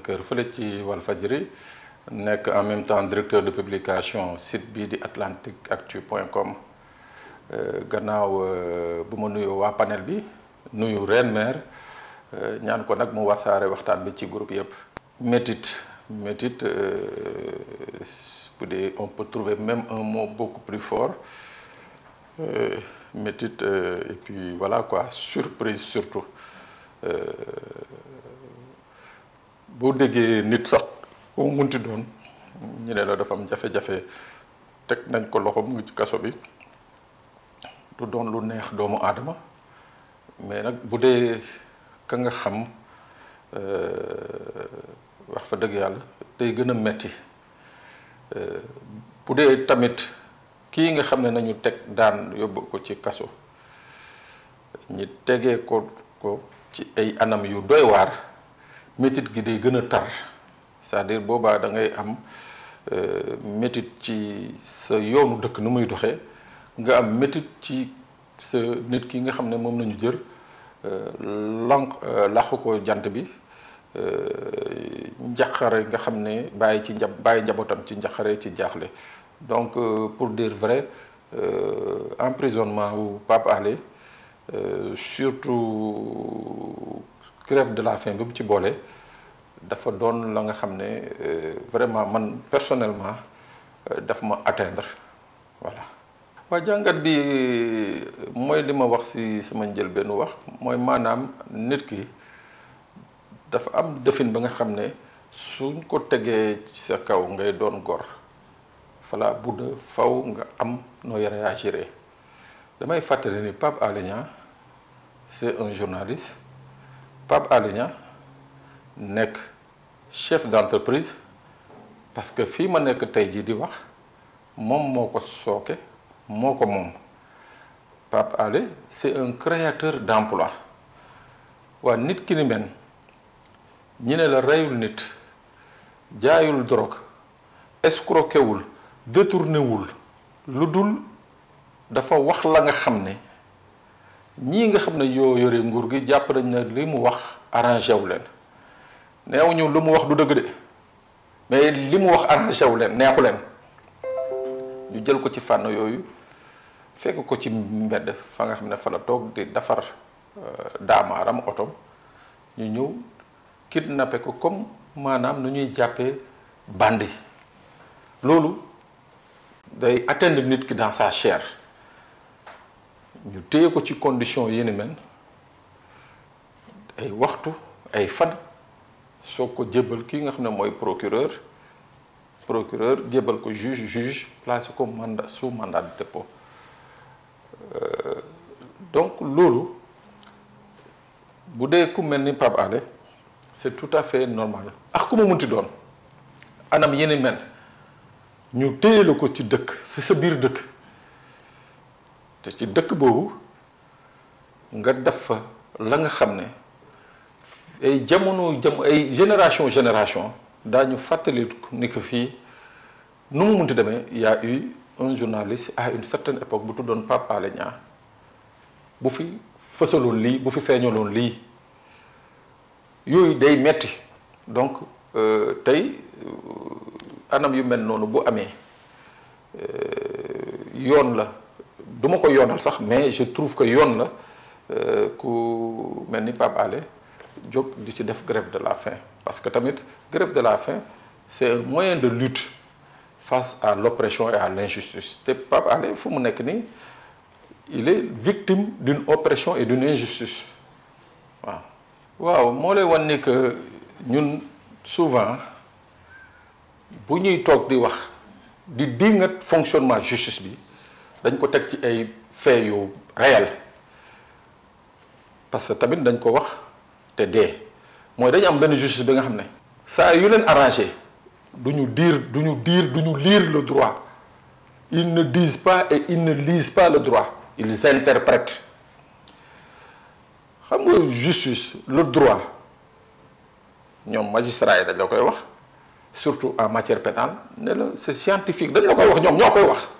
chroniqueur fele ci fajri nek en même temps directeur de publication site bi di atlanticactu.com euh, gannaaw euh, bu ma nuyoo waa panel bi nuyo Reine Mère euh, ñaan ko nak mu wasare waxtan bi ci groupe yëpp. metit metit euh on peut trouver même un mot beaucoup plus fort euh, et puis voilà quoi surprise surtout. boo déggee nit sax koo munti doon ñu ne la dafa am jafe-jafe teg nañ ko loxo mu ngi ci kaso bi du doon lu neex doomu aadama mais nag bu dee ka nga xam euh, wax fa dëgg yàlla tey gën a metti euh, bu dee tamit kii nga xam ne nañu teg daan yóbbu ko ci kaso ñi tegee ko ko ci ay anam yu doy waar métit gi day gën tar c'est-à-dire boobaa da ngay am euh, métit ci sa yoonu dëkk nu muy doxee nga am métit ci sa net ki nga xam mom lañu jël euh lank euh, làqu ko jant bi euh njaqare nga xam baye ci njab baye njabotam ci njaqare ci jaxlé donc euh, pour dire vrai euh emprisonnement wu Pape euh surtout grève de la faim bi mu ci bolé dafa doon la nga xamné euh, vraiment man personnellement euh, daf ma atteindre voilà wa jangat bi euh, moy lima wax ci sama ben wax moy manam nit ki dafa am defin ba nga xamné suñ ko tegee ci sa kaw ngay doon gor fala budda faw nga am no réagiré damay fatéré ni pap alignan c'est un journaliste Pape nek nek chef d'entreprise parce que fi ma nek tay ji di wax mom moko soké moko mom Pape Alé c'est un créateur d'emploi wa nit ki ni men ñi ne la rayul nit jaayul drogue escroquerul détournéwul ludul, dafa wax la nga xamné ñii nga xam ne yoo yore nguur gi jàpp nañ ne li mu wax arrangé wu leen neewuñu lu mu wax du dëgg de mais li mu wax arrangé leen neexu leen ñu jël ko ci fànn yooyu fekk ko ci mbedd fa nga xam ne fa la toog di defar euh, daamaaram otom ñu ñëw kidnappé ko comme maanaam nu ñuy jàppee band yi loolu day atteindre nit ki dans sa chair ñu téye ko ci condition yéni men ay waxtu ay fin, soo que jébbal kii nga xam ne procureur procureur jébbal ko juge juge place ko mandat sous mandat de dépôt euh, donc loolu bu devez ku mel ni Pape c'est tout à fait normal ak quoi mu munti donc, anam yéni men ñu téye la ko ci dëkk c'est ce biir te ci dëkk boobu nga def fa la nga xam ne ay jamono jam ay génération génération daañu fàttali ni que fii nu mu munti demee y a eu un journaliste à une certaine époque bu tuddoon Pape Alé bu fi fësaloon lii bu fi feeñaloon lii yooyu day metti donc euh, tey euh, anam yu mel noonu bu amee euh, yoon la duma ko yonal sax mais je trouve que yoon la euh, ku a ni Pape Alé di ci def grève de la faim parce que tamit grève de la faim c'est un moyen de lutte face à l'oppression et à l'injustice té Pape Allé, fu mu il est victime d'une oppression et d'une injustice waaw waaw que ñun souvent bu ñuy tok di wax di dingat fonctionnement justice dañ ko tek ci ay faits yu réel parce que tamit dañ ko wax te dee mooy dañu am benn justice bi nga xam ne saa yu leen arrangé duñu ñu diir du ñu diir du lire le droit ils ne disent pas et ils ne lisent pas le droit ils interprètent xam nga justice le droit ñoom magistrat yi dañ la koy wax surtout en matière pénale ne la c'est scientifique dañ la koy wax ñoom ñoo koy wax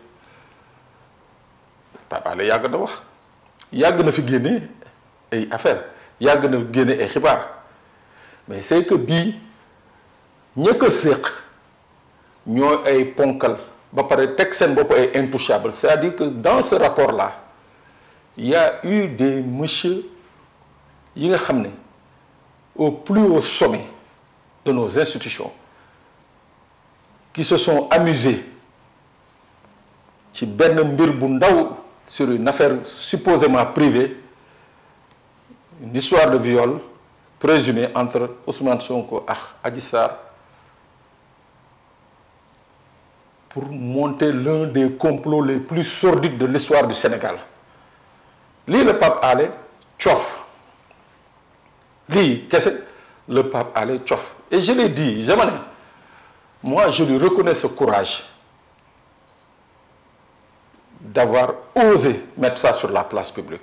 Pape Alé yàgg na wax yag na fi génne ay affaire yag na génne ay xibar mais c'est que bi ñëkk a ñoy ay ponkal ba paré tek sen bop ay intouchable c'est-à-dire que dans ce rapport là il y a eu des messieurs yi nga xamné au plus haut sommet de nos institutions qui se sont amusés ci ben mbir bu ndaw sur une affaire supposément privée, une histoire de viol présumée entre Ousmane Sonko et Adissar pour monter l'un des complots les plus sordides de l'histoire du Sénégal. Lui, le pape Allé, tchof. Lui, qu'est-ce que le pape Allé, tchof. Et je l'ai dit, jamais. Moi, je lui reconnais ce courage d'avoir osé mettre ça sur la place publique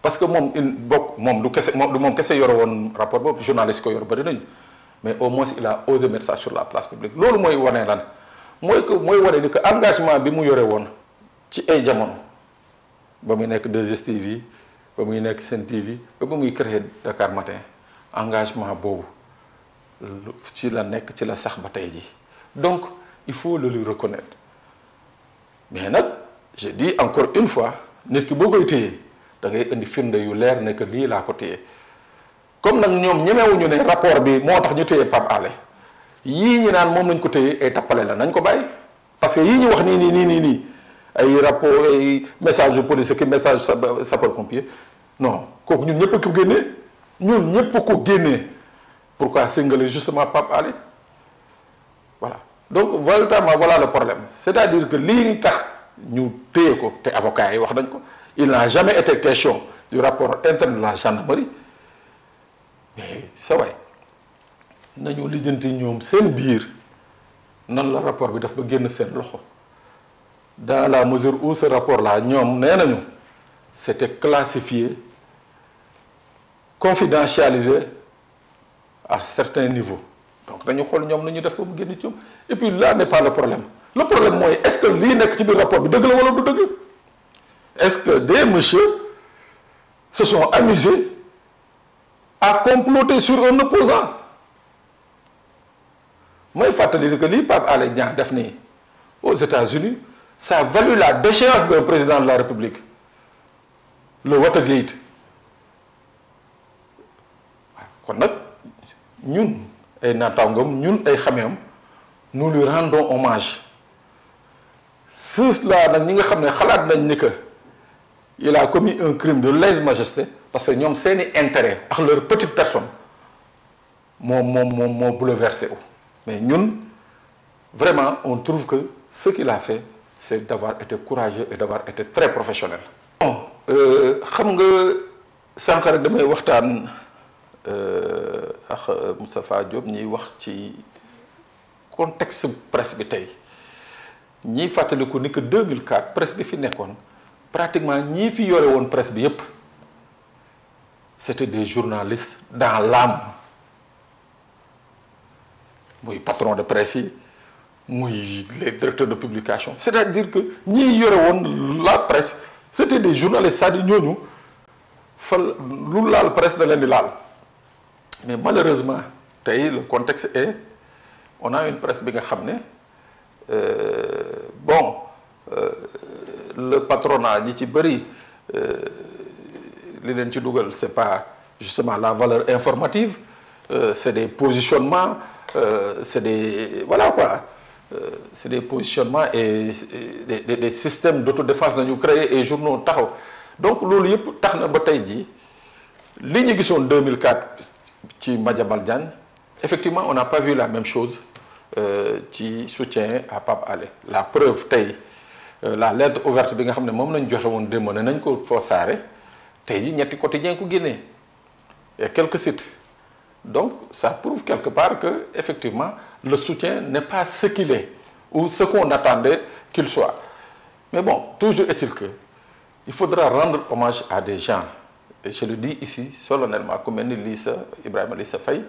parce que moom il bokk moom du kese moom du moom kese yore woon rapport boobu journaliste ko yor mais au moins il a osé mettre ça sur la place publique loolu mooy wane lan mooy que mooy wane ni que engagement bi mu yore woon ci ay jamono ba muy nekk 2STV ba muy nekk Sen TV ba muy créer Dakar Matin engagement boobu ci la nekk ci la sax bataille ji donc il faut le lui reconnaître mais nag je dis encore une fois nit ki boo koy da ngay de firnde yu que comme nous avons rapport bi Pape ñi lañ ko parce que nous, avons wax rapport message messages police message sapeur pompier non nous ñun ñëpp ko pourquoi singuler justement Pape voilà donc voilà le problème c'est-à-dire que nous sommes ko te avocats il n'a jamais été question du rapport interne de la gendarmerie mais ça waay nañu avons ñoom seen biir nan la rapport bi daf ba loxo dans la mesure où ce rapport là avons nee c'était classifié confidentialisé à certains niveaux donc nous avons ñoom nous def mu et puis là n'est pas le problème le problème moi est-ce que l'inactivité de ci rapport bi la est-ce que des messieurs se sont amusés à comploter sur un opposant Moi, il que dire que l'IPAP a def aux États-Unis ça a valu la déchéance d'un président de la République le Watergate nous nous, nous lui rendons hommage ceux-là nag ñi nga xam ne que il a commis un crime de lèse-majesté parce que ñoom intérêts intérêt ak leur petite personne Mon, mon, mon, mon bouleversé mais nous, vraiment on trouve que ce qu'il a fait c'est d'avoir été courageux et d'avoir été très professionnel bon euh, xam nga que rek damay waxtaan euh, ak Moustapha Diop ñuy wax ci contexte presse bi ñiy fàttaliku ni que 2004 presse bi fi pratiquement ñi fi yoré presse bi c'était des journalistes dans l'âme moy patron de presse moy les directeurs de publication c'est-à-dire que ñi yoré woon la presse c'était des journalistes cest ñooñu presse de len di laal mais malheureusement le contexte est on a une presse bi nga xamné bon euh, le patronat ni ci euh, li c'est pas justement la valeur informative euh, c'est des positionnements c'est des voilà quoi c'est des positionnements et des systèmes d'autodéfense dans l'Ukraine et journaux taxaw donc loolu yëpp tax 2004 effectivement on n'a pas vu la même chose qui euh, soutient à Pape Alé la preuve euh, la lettre ouverte bi nga xam ne lañ joxe woon démb nañ ko foosaare en ñetti quotidien Il y a quelques sites donc ça prouve quelque part que effectivement le soutien n'est pas ce qu'il est ou ce qu'on attendait qu'il soit mais bon toujours est-il que il faudra rendre hommage à des gens et je le dis ici solennellement comme Lisa, Ibrahim Lisa Ibrahima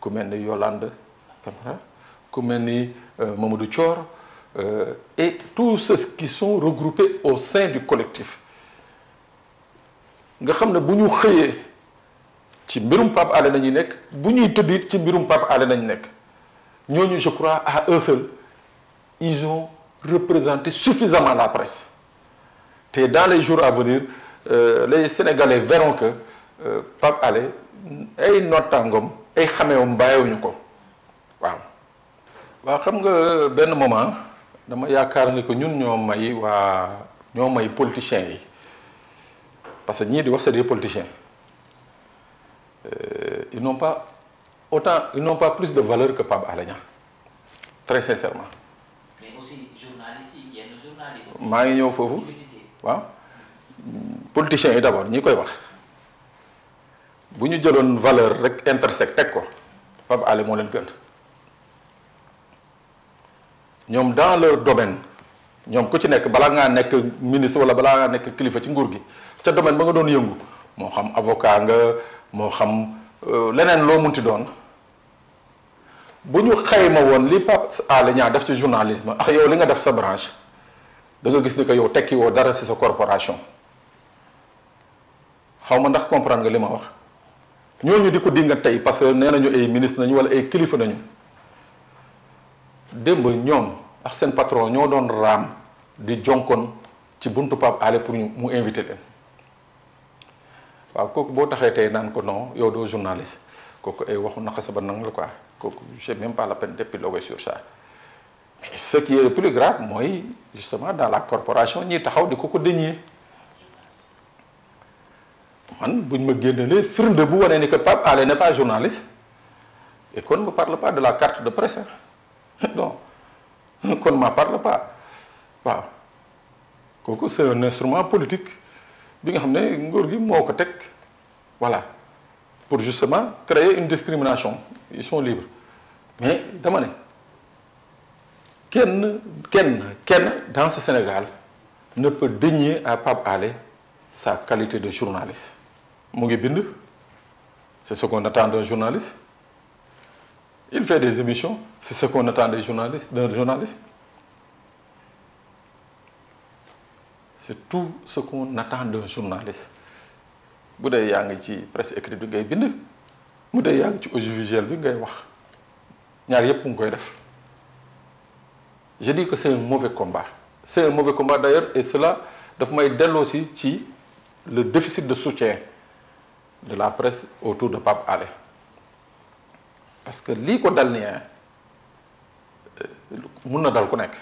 comme Faye ku Yolande Camara comme euh, Mamadou Thior, euh, et tous ceux qui sont regroupés au sein du collectif. nga xam ne bu ñu xëyee ci mbirum Pape Alé nañu nekk bu ñuy de ci Pape Alé nañu je crois à eux seuls ils ont représenté suffisamment la presse Et dans les jours à venir euh, les Sénégalais verront que euh, Pape Alé ay nottangoom ay xameewam bàyyiwuñu ko waaw wa xam nga benn moment dama yaakaar ni que ñun ñoo may waa ñoo may politiciens yi parce que ñii di wax c'est des politiciens euh, ils n'ont pas autant ils n'ont pas plus de valeur que Pape Alé très sincèrement. mais aussi journalistes yi yenn journalistes. maa ngi ñëw foofu waaw politiciens yi d'abord ñi koy wax bu ñu jëloon valeur rek intersect teg ko Pape Alé moo leen gën. ñoom dans leur domaine ñoom ku ci nekk balaa ngaa nekk ministre wala balaa ngaa nekk kilifa ci nguur gi ca domaine ba nga doon yëngu moo xam avocat nga moo xam euh, leneen loo munti doon bu ñu xayma woon li Pape Alé ñaa def ci journalisme ak ah, yow li nga def sa branche danga gis ni que yow tekki woo dara ci sa corporation xaw ma ndax comprendre nga li ma wax ñooñu di ko dinga tey parce que nee nañu ay ministre nañu wala ay kilifa nañu. démb ñom ak sen patron ñoo doon ram di jonkon ci buntu pap ale pour ñu mu inviter leen waaw kooku bo taxé tay nan ko non yow do journaliste kooku ay waxu naxa saba nang la quoi je j'ai même pas la peine d'épiloguer sur ça mais ce qui est le plus grave moy justement dans la corporation ñi taxaw di ko ko dénier man buñ ma génnalee firnde bu wane ni que pap ale n'est pas journaliste et qu'on ne me parle pas de la carte de presse hein. non ne m'en parle pas c'est un instrument politique voilà pour justement créer une discrimination ils sont libres mais dans ce Sénégal ne peut dénier à Pape Alé sa qualité de journaliste c'est ce qu'on attend d'un journaliste il fait des émissions. C'est ce qu'on attend des journalistes, d'un journaliste. C'est tout ce qu'on attend d'un journaliste. Si presse écrite il bind Il je dis que c'est un mauvais combat c'est un mauvais combat d'ailleurs et cela doit may aussi le déficit de soutien de la presse autour de Pape Allais. parce que lii ko dal nii mun na dal ku nekk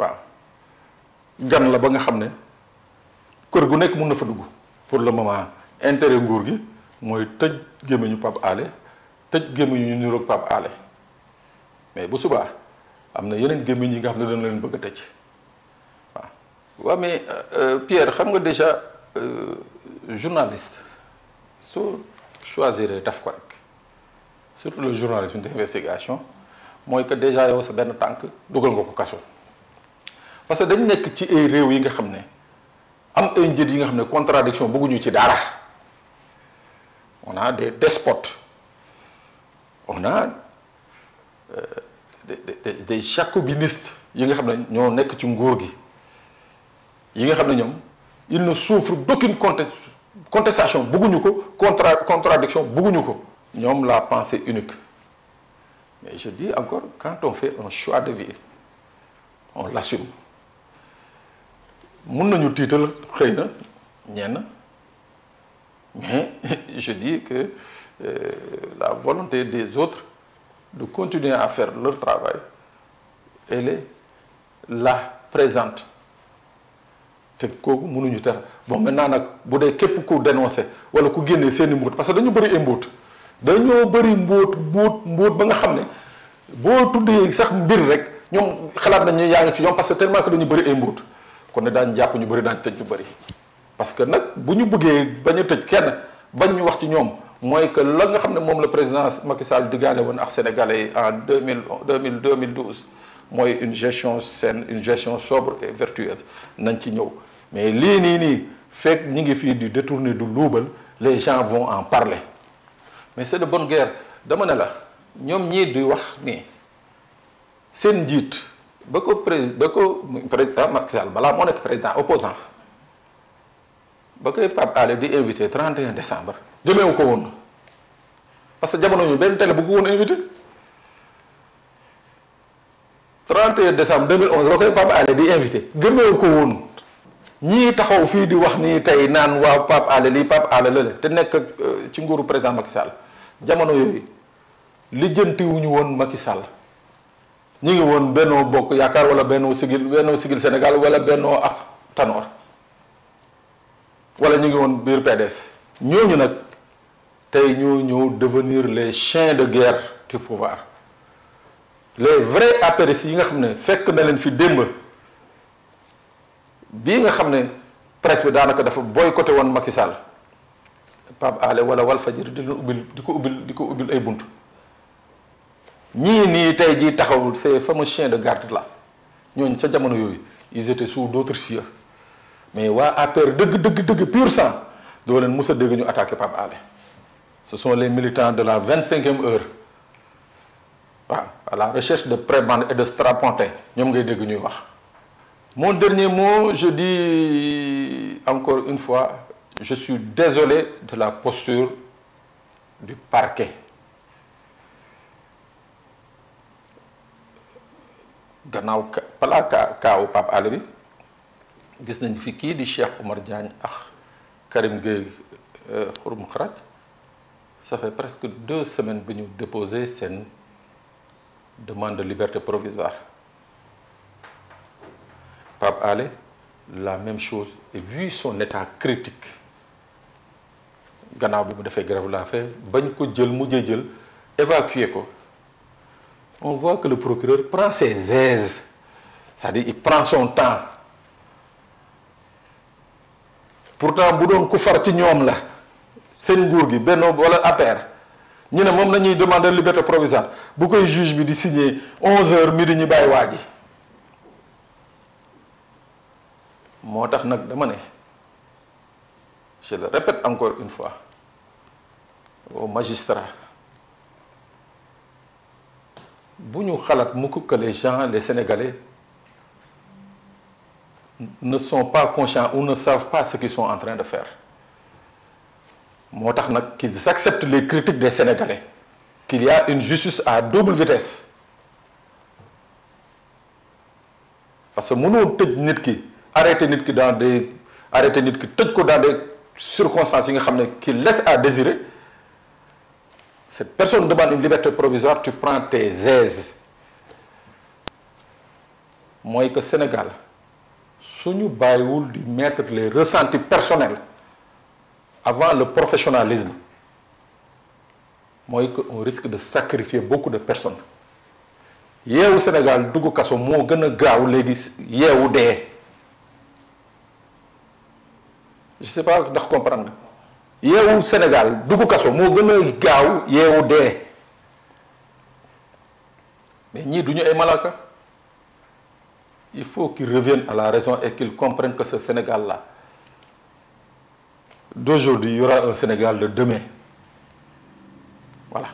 waaw gan la ba nga xam ne kër gu nekk mun na fa dugg pour le moment intérêt nguur gi mooy tëj gémmiñu Pape Alé tëj gémmiñu ñu niroog Pape Alé mais bu subaa am na yeneen gémmiñ yi nga xam ne dañ leen bëgg a tëj waaw waaw mais euh, Pierre xam nga déjà euh, journaliste soo choisir daf ko rek surtout le journalisme d'investigation moi que déjà yow sa benn tànk dugal nga ko parce que dañ nekk ci ay réew yi nga xam ne am ay njët yi nga xam contradiction bëgguñu ci dara on a des despotes on a euh, des des des jacobinistes yi nga xam ne ñoo nekk ci nguur gi yi nga xam ne ñoom ils ne souffrent d'aucune contestation bëgguñu ko contradiction bëgguñu ko ont la pensée unique mais je dis encore quand on fait un choix de vie on l'assume mun nañu tiital xëy mais je dis que euh, la volonté des autres de continuer à faire leur travail elle est là présente te le titre bon maintenant si bu dee képp dénoncer. dénoncé wala parce que dañu bëri ay dañoo bëri mbóot mbóot mbóot ba nga xam ne boo tuddee sax mbir rek ñoom xalaat nañu yaa ngi ci ñoom parce que tellement que dañu bëri ay mbóot kon ne daañ jàpp ñu bëri daañ tëj ñu bëri parce que nag bu ñu bëggee bañ a tëj kenn bañ ñu wax ci ñoom mooy que la nga xam ne moom la président Macky Sall diggaale woon ak sénégalais yi en 2000, mille deux mooy une gestion saine une gestion sobre et vertueuse nañ ci ñëw mais lii nii nii fekk ñi ngi fii di détourner du luubal les gens vont en parler mais c'est de bon guerre dama ne la ñoom ñii di wax ni seen njiit ba ko prés ba ko président Macky balaa moo nekk président opposant ba koy Pape Alé di invité 31 décembre jëmeewu ko woon parce que jamono ñu benn télé bu ko woon invité 31 décembre 2011 ba koy Pape Alé di invité gëmeewu ko woon ñii taxaw fii di wax nii tey naan waaw Pape Alé lii Pape Alé la te nekk euh, ci nguuru président Macky jamono yooyu lijjantiwuñu Macky Sall ñi ngi won Benno Bokk Yaakaar wala Benno sigil, Benno sigil Sénégal wala Benno ak Tanor wala ñi ngi won Bir PDS devenir les chiens de guerre du pouvoir les vrais apéristes yi nga xamné fekk na len fi presse Pape Alé wala Walfadir, di les ubbil di ko ubbil di ko ubbil ay buntu ñi ni tey taxawul fameux chiens de garde là ca jamono yoy ils étaient sous d'autres cieux mais a peur, deug deug deug pur sang do len musa deug ñu attaquer Pape Alé ce sont les militants de la 25 e heure wa à la recherche de prébande et de Strapontin, ñom ngay deug ñuy wax mon dernier mot je dis encore une fois je suis désolé de la posture du parquet. gannaaw ka ka cas au Pape Alé bi gis nañ fi ki di Cheikh Omar Diagne ak Karim Gueye euh, Khourm Kharat. ça fait presque deux semaines nous avons déposé cette demande de liberté provisoire Pape Alé la même chose et vu son état critique ganaw bi mu defee grève la faim bañ ko djel mujjee jël évacuer ko on voit que le procureur prend ses aises c'est-à-dire il prend son temps pourtant bu doon ku far ci ñom la sen nguur gi benn wala APR ñu ne moom demander liberté provisoire bu koy juge bi di signer onze heures midi ñi bay waa motax nak nag dama ne je le répète encore une fois au magistrat si nous pensons que les gens les sénégalais ne sont pas conscients ou ne savent pas ce qu'ils sont en train de faire C'est qu'ils acceptent les critiques des sénégalais qu'il y a une justice à double vitesse parce que mënoo tëj nit ki arrêter nit ki dans des arrêter dans des circonstances qui laisse à désirer cette personne ne demande une liberté provisoire, tu prends tes aises. Moi, que Sénégal si nous di mettre les ressentis personnels avant le professionnalisme Moi, on risque de sacrifier beaucoup de personnes au Sénégal dugg Kasso, moo gën a je sais pas si comprendre yewu Sénégal a gaaw yewu dé mais du duñu ay malaka il faut qu'ils reviennent à la raison et qu'ils comprennent que ce Sénégal-là d'aujourd'hui il y aura un Sénégal de demain voilà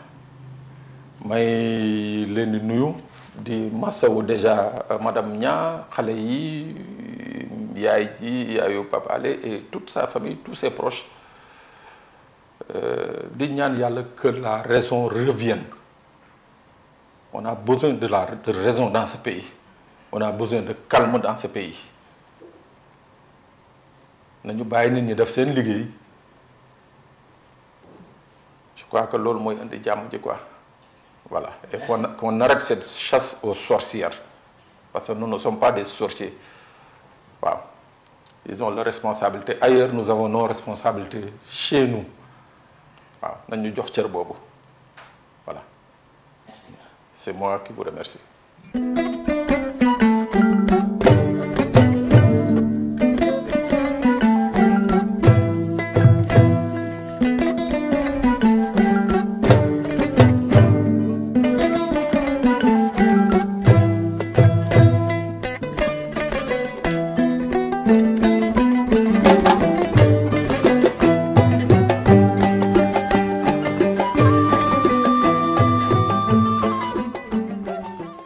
may leen nuyu di massaw déjà euh, madame Nia xalé yi yaay ji et toute sa famille tous ses proches euh, di que la raison revienne on a besoin de la de raison dans ce pays on a besoin de calme dans ce pays Nous avons je crois que l'homme ce que jàmm quoi voilà et qu'on arrête cette chasse aux sorcières parce que nous ne sommes pas des sorciers ils ont leur responsabilité ailleurs nous avons nos responsabilités chez nous waaw nañ ñu jox cër boobu voilà. c'est moi qui vous remercie.